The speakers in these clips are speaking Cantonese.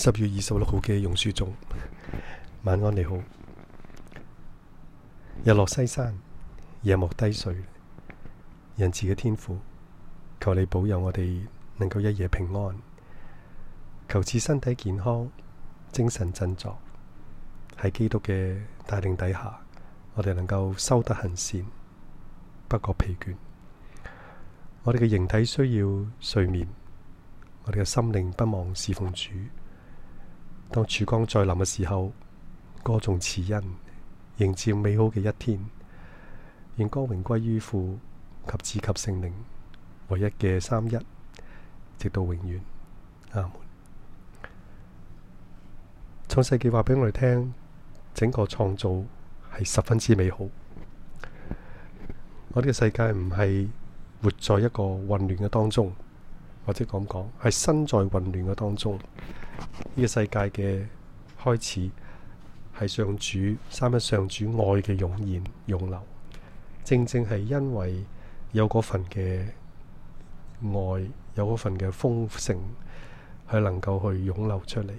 十月二十六號嘅榕樹中，晚安你好。日落西山，夜幕低垂，仁慈嘅天父，求你保佑我哋能夠一夜平安，求賜身體健康，精神振作。喺基督嘅帶領底下，我哋能夠修得行善，不覺疲倦。我哋嘅形體需要睡眠，我哋嘅心靈不忘侍奉主。當曙光再臨嘅時候，歌頌慈恩，迎接美好嘅一天，願歌榮歸於父及子及聖靈，唯一嘅三一，直到永遠。阿門。創世記話俾我哋聽，整個創造係十分之美好。我哋嘅世界唔係活在一個混亂嘅當中，或者咁講，係身在混亂嘅當中。呢個世界嘅開始係上主三一，上主愛嘅湧現湧流。正正係因為有嗰份嘅愛，有嗰份嘅豐盛，係能夠去湧流出嚟，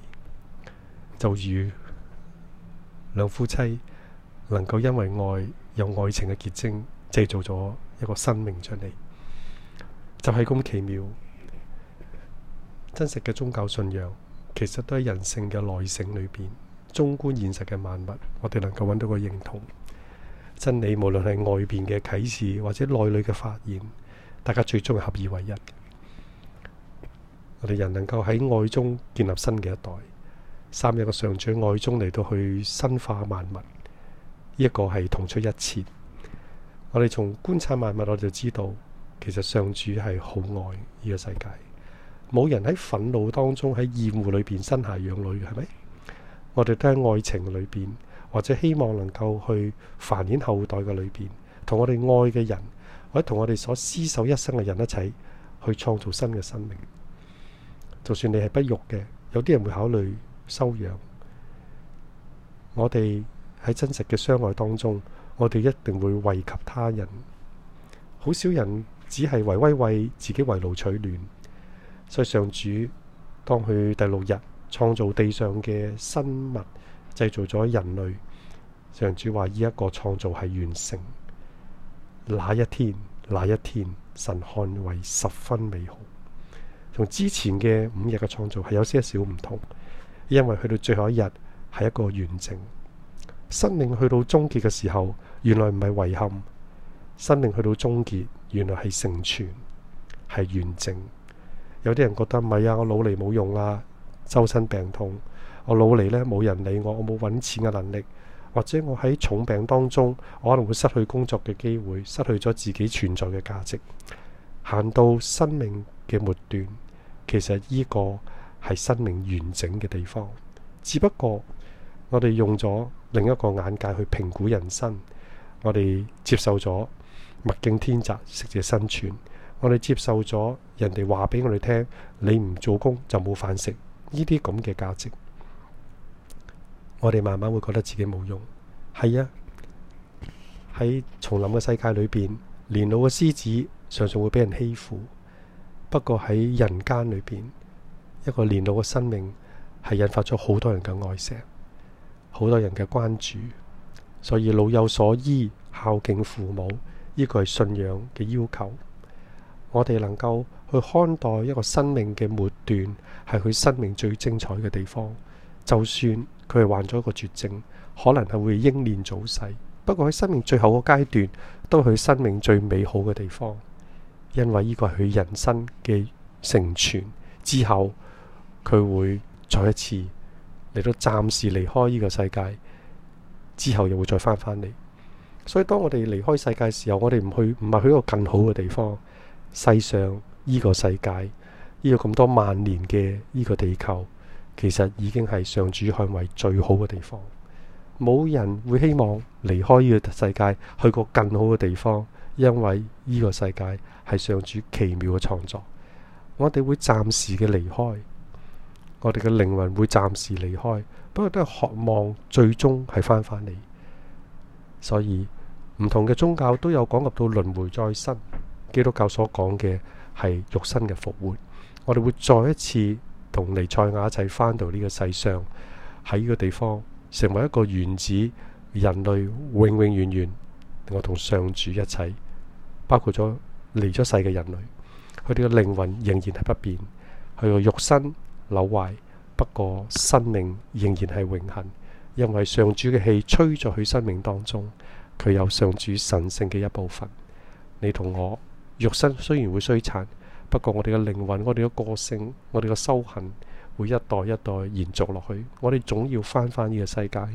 就如兩夫妻能夠因為愛有愛情嘅結晶，製造咗一個生命出嚟，就係、是、咁奇妙，真實嘅宗教信仰。其實都係人性嘅內省裏邊，縱觀現實嘅萬物，我哋能夠揾到個認同真理。無論係外邊嘅啟示或者內裏嘅發現，大家最終係合二為一。我哋人能夠喺愛中建立新嘅一代，三日嘅上主愛中嚟到去深化萬物，呢一個係同出一轍。我哋從觀察萬物，我哋就知道，其實上主係好愛呢個世界。冇人喺憤怒當中喺厭惡裏邊生孩養女嘅，係咪？我哋都喺愛情裏邊，或者希望能夠去繁衍後代嘅裏邊，同我哋愛嘅人，或者同我哋所廝守一生嘅人一齊去創造新嘅生命。就算你係不育嘅，有啲人會考慮收養。我哋喺真實嘅相愛當中，我哋一定會惠及他人。好少人只係為威為自己圍爐取暖。所以，上主當佢第六日創造地上嘅生物，製造咗人類，上主話呢一個創造係完成。那一天，那一天，神看為十分美好。同之前嘅五日嘅創造係有些少唔同，因為去到最後一日係一個完整。生命去到終結嘅時候，原來唔係遺憾，生命去到終結，原來係成全，係完整。有啲人覺得唔係啊，我老嚟冇用啊，周身病痛，我老嚟呢，冇人理我，我冇揾錢嘅能力，或者我喺重病當中，我可能會失去工作嘅機會，失去咗自己存在嘅價值，行到生命嘅末段。其實依個係生命完整嘅地方，只不過我哋用咗另一個眼界去評估人生，我哋接受咗物競天擇，適者生存。我哋接受咗人哋話俾我哋聽，你唔做工就冇飯食，呢啲咁嘅價值，我哋慢慢會覺得自己冇用。係啊，喺叢林嘅世界裏邊，年老嘅獅子常常會俾人欺負。不過喺人間裏邊，一個年老嘅生命係引發咗好多人嘅愛錫，好多人嘅關注。所以老有所依，孝敬父母，呢個係信仰嘅要求。我哋能夠去看待一個生命嘅末段，係佢生命最精彩嘅地方。就算佢係患咗一個絕症，可能係會英年早逝。不過喺生命最後個階段，都係佢生命最美好嘅地方，因為呢個係佢人生嘅成全之後，佢會再一次嚟到暫時離開呢個世界，之後又會再翻返嚟。所以當我哋離開世界嘅時候，我哋唔去唔係去一個更好嘅地方。世上依、這個世界，呢、這個咁多萬年嘅依、這個地球，其實已經係上主看為最好嘅地方。冇人會希望離開呢個世界去個更好嘅地方，因為呢個世界係上主奇妙嘅創作。我哋會暫時嘅離開，我哋嘅靈魂會暫時離開，不過都係渴望最終係翻返嚟。所以唔同嘅宗教都有講及到輪迴再生。基督教所講嘅係肉身嘅復活，我哋會再一次同尼賽亞一齊返到呢個世上，喺呢個地方成為一個原子人類永永遠遠，我同上主一齊，包括咗離咗世嘅人類，佢哋嘅靈魂仍然係不變，佢個肉身扭壞，不過生命仍然係永恆，因為上主嘅氣吹咗佢生命當中，佢有上主神聖嘅一部分。你同我。肉身雖然會衰殘，不過我哋嘅靈魂、我哋嘅個性、我哋嘅修行會一代一代延續落去。我哋總要返返呢個世界。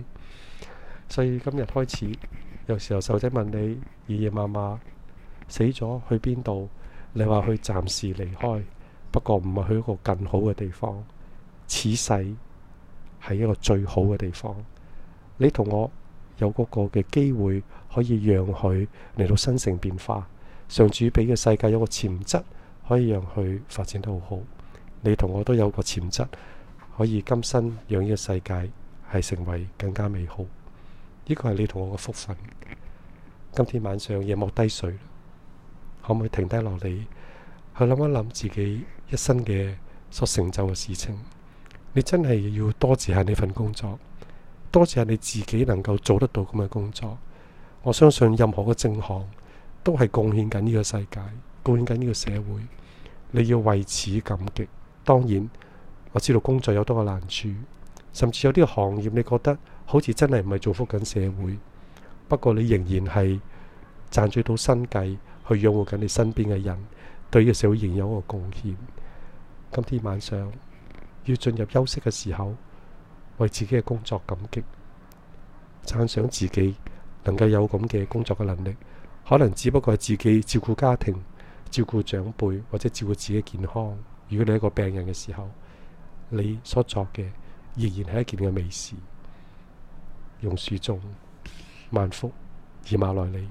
所以今日開始，有時候細仔問你爺爺嫲嫲死咗去邊度？你話去暫時離開，不過唔係去一個更好嘅地方。此世係一個最好嘅地方。你同我有嗰個嘅機會，可以讓佢嚟到生成變化。上主俾嘅世界有個潛質，可以讓佢發展得好好。你同我都有個潛質，可以今生讓呢個世界係成為更加美好。呢個係你同我嘅福分。今天晚上夜幕低垂，可唔可以停低落嚟去諗一諗自己一生嘅所成就嘅事情？你真係要多謝下呢份工作，多謝下你自己能夠做得到咁嘅工作。我相信任何嘅正行。都係貢獻緊呢個世界，貢獻緊呢個社會。你要為此感激。當然我知道工作有多個難處，甚至有啲行業你覺得好似真係唔係造福緊社會。不過你仍然係賺取到生計，去養活緊你身邊嘅人，對呢個社會仍有一個貢獻。今天晚上要進入休息嘅時候，為自己嘅工作感激，讚賞自己能夠有咁嘅工作嘅能力。可能只不過係自己照顧家庭、照顧長輩或者照顧自己健康。如果你係一個病人嘅時候，你所作嘅仍然係一件嘅美事。榕樹種萬福，以馬內利。